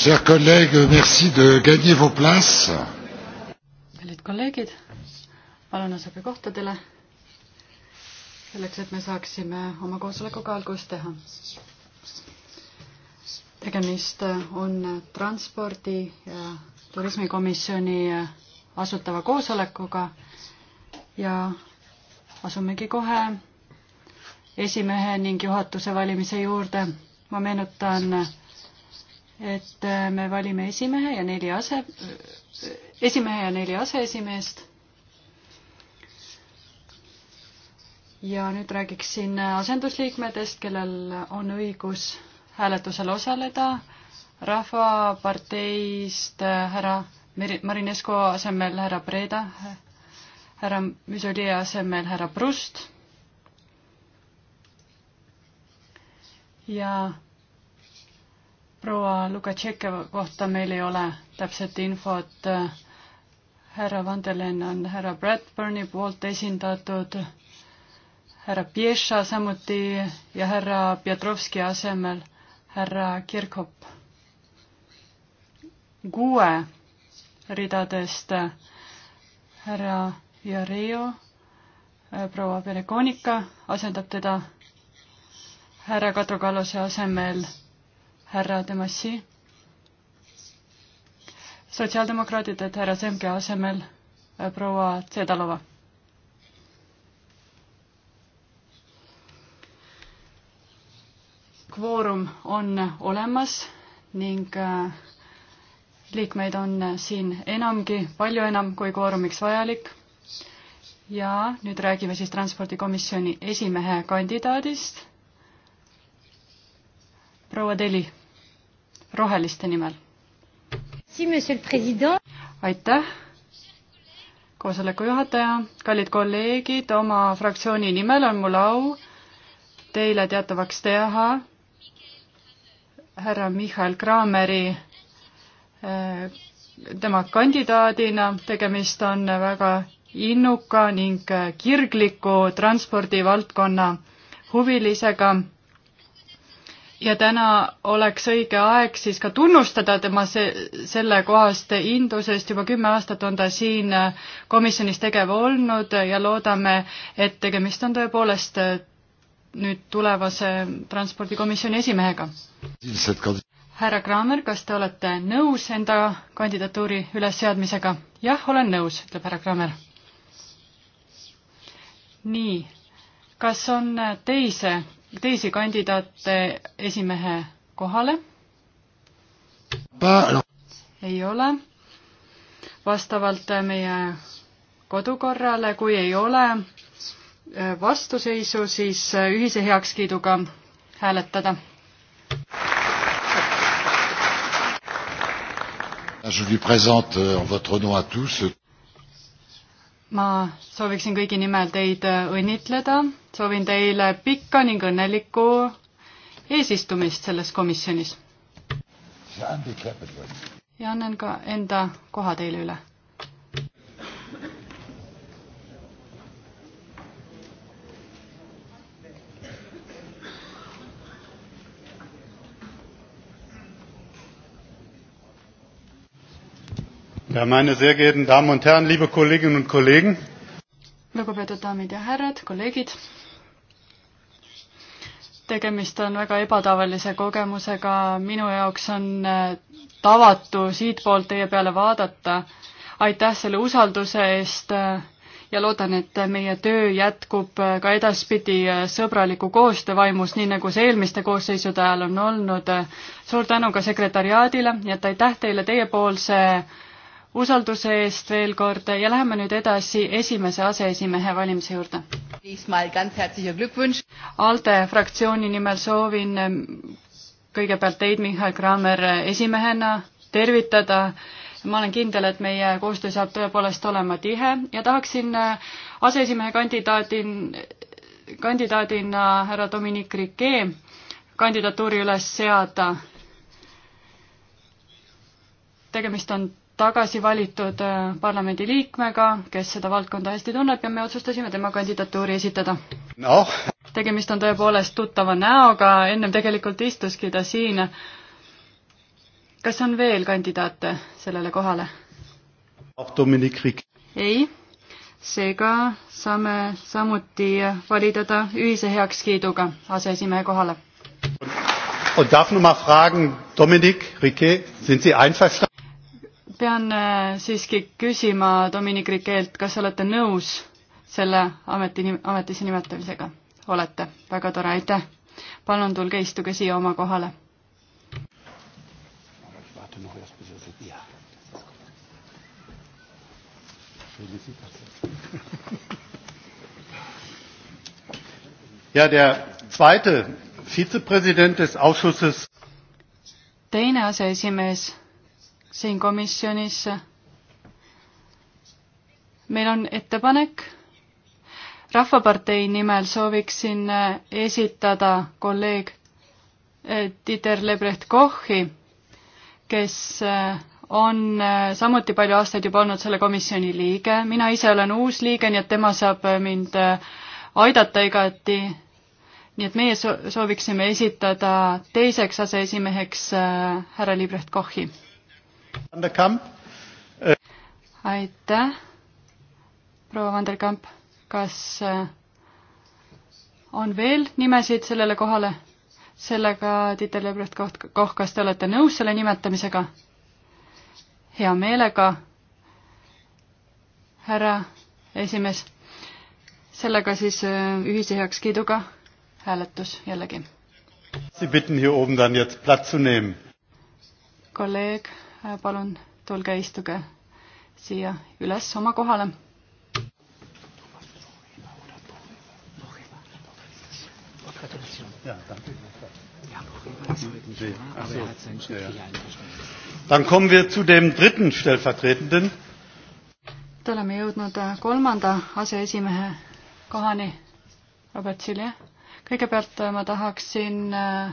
Chers collègues, merci de gagner vos places. kallid kolleegid, palun asuge kohtadele, selleks et me saaksime oma koosolekuga algust teha. tegemist on transpordi ja turismikomisjoni asutava koosolekuga ja asumegi kohe esimehe ning juhatuse valimise juurde. ma meenutan et äh, me valime esimehe ja neli ase, äh, esimehe ja neli aseesimeest. ja nüüd räägiksin asendusliikmedest, kellel on õigus hääletusel osaleda. rahvaparteist äh, härra Marinesko asemel härra Breda, härra Müsoli asemel härra Prust ja proua Lukatšeke kohta meil ei ole täpset infot. härra Vandelen on härra Bradburni poolt esindatud, härra Pieša samuti ja härra Pjatrovski asemel härra Kirkop. kuue ridadest härra Jareo, proua Perekonika asendab teda härra Kadri Kallase asemel härra Demassi sotsiaaldemokraatidelt härra Semke asemel äh, proua Tsedalova. kvoorum on olemas ning äh, liikmeid on siin enamgi, palju enam kui kvoorumiks vajalik. ja nüüd räägime siis transpordikomisjoni esimehe kandidaadist. proua Teli roheliste nimel. aitäh, koosoleku juhataja, kallid kolleegid, oma fraktsiooni nimel on mul au teile teatavaks teha härra Michal Krameri eh, tema kandidaadina, tegemist on väga innuka ning kirgliku transpordivaldkonna huvilisega ja täna oleks õige aeg siis ka tunnustada tema see, sellekohast Indusest, juba kümme aastat on ta siin komisjonis tegev olnud ja loodame, et tegemist on tõepoolest nüüd tulevase transpordikomisjoni esimehega. härra Kraamer, kas te olete nõus enda kandidatuuri ülesseadmisega? jah, olen nõus, ütleb härra Kraamer. nii, kas on teise teisi kandidaate esimehe kohale? ei ole. vastavalt meie kodukorrale, kui ei ole äh, vastuseisu, siis äh, ühise heakskiiduga hääletada. Je lui présente euh, en votre nom à tous ma sooviksin kõigi nimel teid äh, õnnitleda, soovin teile pikka ning õnnelikku eesistumist selles komisjonis. ja annan ka enda koha teile üle ja meine sehr geehrten Damen und Herren, liebe Kolleginnen und Kollegen. lugupeetud daamid ja härrad, kolleegid. tegemist on väga ebatavalise kogemusega, minu jaoks on eh, tavatu siitpoolt teie peale vaadata. aitäh selle usalduse eest eh, ja loodan, et meie töö jätkub eh, ka edaspidi sõbraliku koostöö vaimus, nii nagu see eelmiste koosseisude ajal on olnud. suur tänu ka sekretariaadile, nii et aitäh teile teiepoolse usalduse eest veel kord ja läheme nüüd edasi esimese aseesimehe valimise juurde. ALDE fraktsiooni nimel soovin ähm, kõigepealt teid, Mihhail Kramer, äh, esimehena tervitada. ma olen kindel, et meie koostöö saab tõepoolest olema tihe ja tahaksin äh, aseesimehe kandidaadin, kandidaadina härra Dominic Riquet kandidatuuri üles seada tegemist on tagasi valitud äh, parlamendiliikmega, kes seda valdkonda hästi tunneb ja me otsustasime tema kandidatuuri esitada. noh. tegemist on tõepoolest tuttava näoga, ennem tegelikult istuski ta siin. kas on veel kandidaate sellele kohale? ei, seega saame samuti valida ta ühise heakskiiduga aseesimehe kohale. Und darf nur mal fragen, Dominik, Riquet, sind Sie einverstanden? pean äh, siiski küsima Dominic Riquelt, kas olete nõus selle ameti, ametisse nimetamisega? olete, väga tore, aitäh. palun tulge, istuge siia oma kohale. ja der zweite Vizepräsident des Ausschusses teine aseesimees siin komisjonis. meil on ettepanek. rahvapartei nimel sooviksin esitada kolleeg eh, Dieter Lebrecht Kochi, kes eh, on eh, samuti palju aastaid juba olnud selle komisjoni liige, mina ise olen uus liige, nii et tema saab mind aidata igati. nii et meie sooviksime esitada teiseks aseesimeheks härra Liebrecht Kochi aitäh, proua Vanderkamp, kas äh, on veel nimesid sellele kohale? sellega, Tiit Lebrecht Koht, Koh, kas te olete nõus selle nimetamisega? hea meelega, härra esimees. sellega siis äh, ühise heakskiiduga hääletus jällegi. kolleeg Äh, palun tulge, istuge siia üles oma kohale. Dann kommen wir zu dem dritten stellvertretenden. oleme jõudnud äh, kolmanda aseesimehe kohani, Robert Silje. kõigepealt äh, ma tahaksin äh,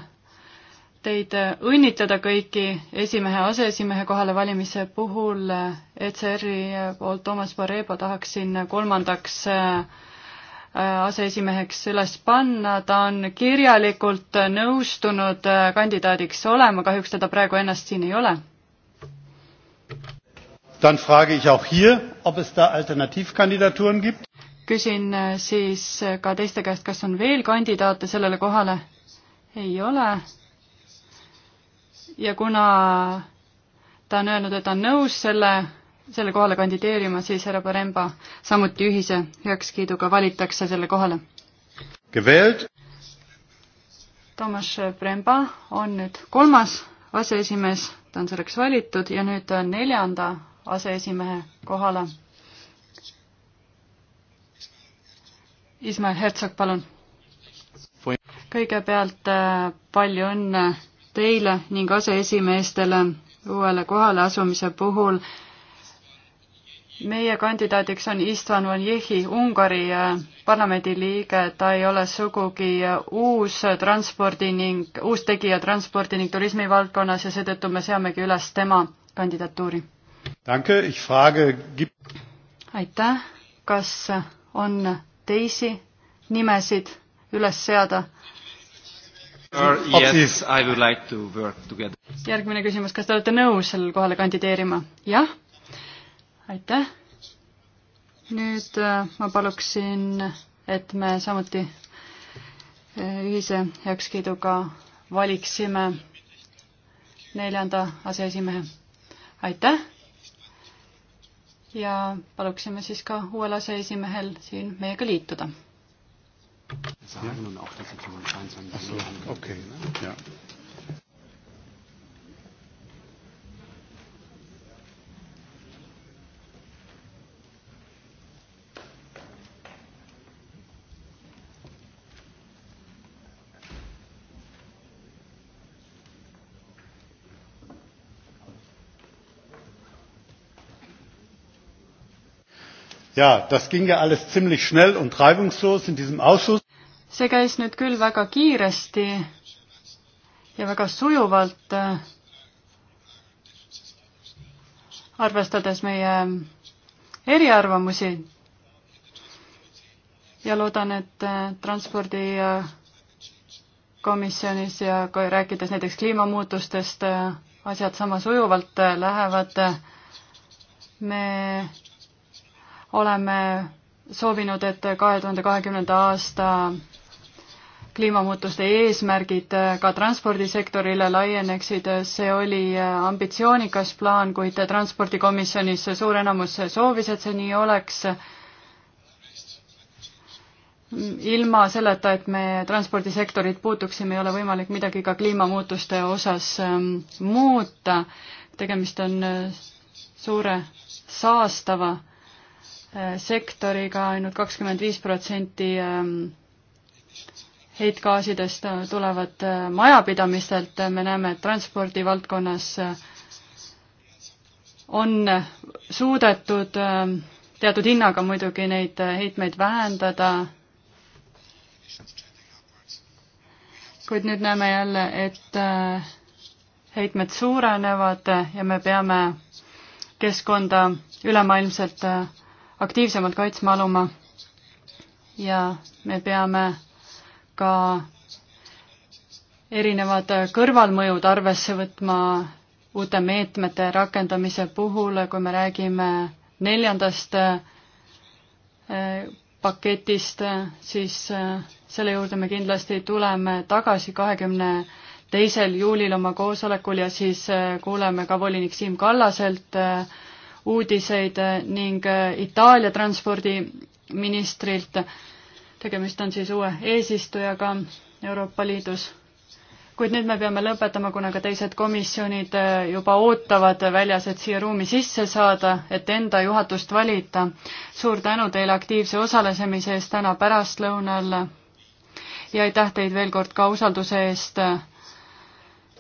teid äh, õnnitleda kõiki esimehe, aseesimehe kohale valimise puhul. Äh, ECR-i äh, poolt Toomas Parebo tahaksin kolmandaks aseesimeheks üles panna, ta on kirjalikult nõustunud kandidaadiks olema, kahjuks teda praegu ennast siin ei ole. Dann frage ich auch hier, ob es da Alternativkandidaturen gibt. küsin siis ka teiste käest, kas on veel kandidaate sellele kohale? ei ole ja kuna ta on öelnud, et ta on nõus selle, selle kohale kandideerima, siis härra Paremba samuti ühise heakskiiduga valitakse selle kohale. Tomas Premba on nüüd kolmas aseesimees, ta on selleks valitud ja nüüd neljanda aseesimehe kohale. Ismail Hertsog, palun. kõigepealt äh, palju õnne teile ning aseesimeestele uuele kohale asumise puhul. meie kandidaadiks on Istvan Vanjehi, Ungari äh, parlamendiliige, ta ei ole sugugi äh, uus transpordi ning, uus tegija transpordi ning turismi valdkonnas ja seetõttu me seamegi üles tema kandidatuuri. aitäh, kas on teisi nimesid üles seada? Yes, like järgmine küsimus, kas te olete nõus sellele kohale kandideerima? jah? aitäh. nüüd äh, ma paluksin, et me samuti äh, ühise heakskiiduga valiksime neljanda aseesimehe. aitäh! ja paluksime siis ka uuel aseesimehel siin meiega liituda sagen ja. und auch, dass Sie zu den 22 Ach so, okay. Ne? Ja. ja das ging ja alles ziemlich schnell und reibungslos in diesem ausschuss see käis nüüd küll väga kiiresti ja väga sujuvalt, arvestades meie eriarvamusi ja loodan, et äh, transpordikomisjonis ja kui rääkides näiteks kliimamuutustest, äh, asjad sama sujuvalt äh, lähevad. me oleme soovinud, et kahe tuhande kahekümnenda aasta kliimamuutuste eesmärgid äh, ka transpordisektorile laieneksid, see oli äh, ambitsioonikas plaan, kuid transpordikomisjonis suur enamus soovis, et see nii oleks. ilma selleta, et me transpordisektorit puutuksime, ei ole võimalik midagi ka kliimamuutuste osas ähm, muuta. tegemist on äh, suure saastava sektoriga ainult kakskümmend viis protsenti ähm, heitgaasidest tulevad äh, majapidamistelt, me näeme, et transpordi valdkonnas äh, on suudetud äh, teatud hinnaga muidugi neid heitmeid vähendada, kuid nüüd näeme jälle, et heitmed suurenevad ja me peame keskkonda ülemaailmselt aktiivsemalt kaitsma aluma ja me peame ka erinevad kõrvalmõjud arvesse võtma uute meetmete rakendamise puhul, kui me räägime neljandast eh, paketist, siis eh, selle juurde me kindlasti tuleme tagasi kahekümne teisel juulil oma koosolekul ja siis eh, kuuleme ka volinik Siim Kallaselt uudiseid ning Itaalia transpordiministrilt tegemist on siis uue eesistujaga Euroopa Liidus. kuid nüüd me peame lõpetama, kuna ka teised komisjonid äh, juba ootavad väljas, et siia ruumi sisse saada, et enda juhatust valida. suur tänu teile aktiivse osalemise eest täna pärastlõunal ja aitäh teid veel kord ka usalduse eest äh,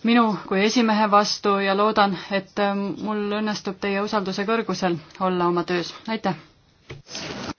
minu kui esimehe vastu ja loodan, et äh, mul õnnestub teie usalduse kõrgusel olla oma töös. aitäh!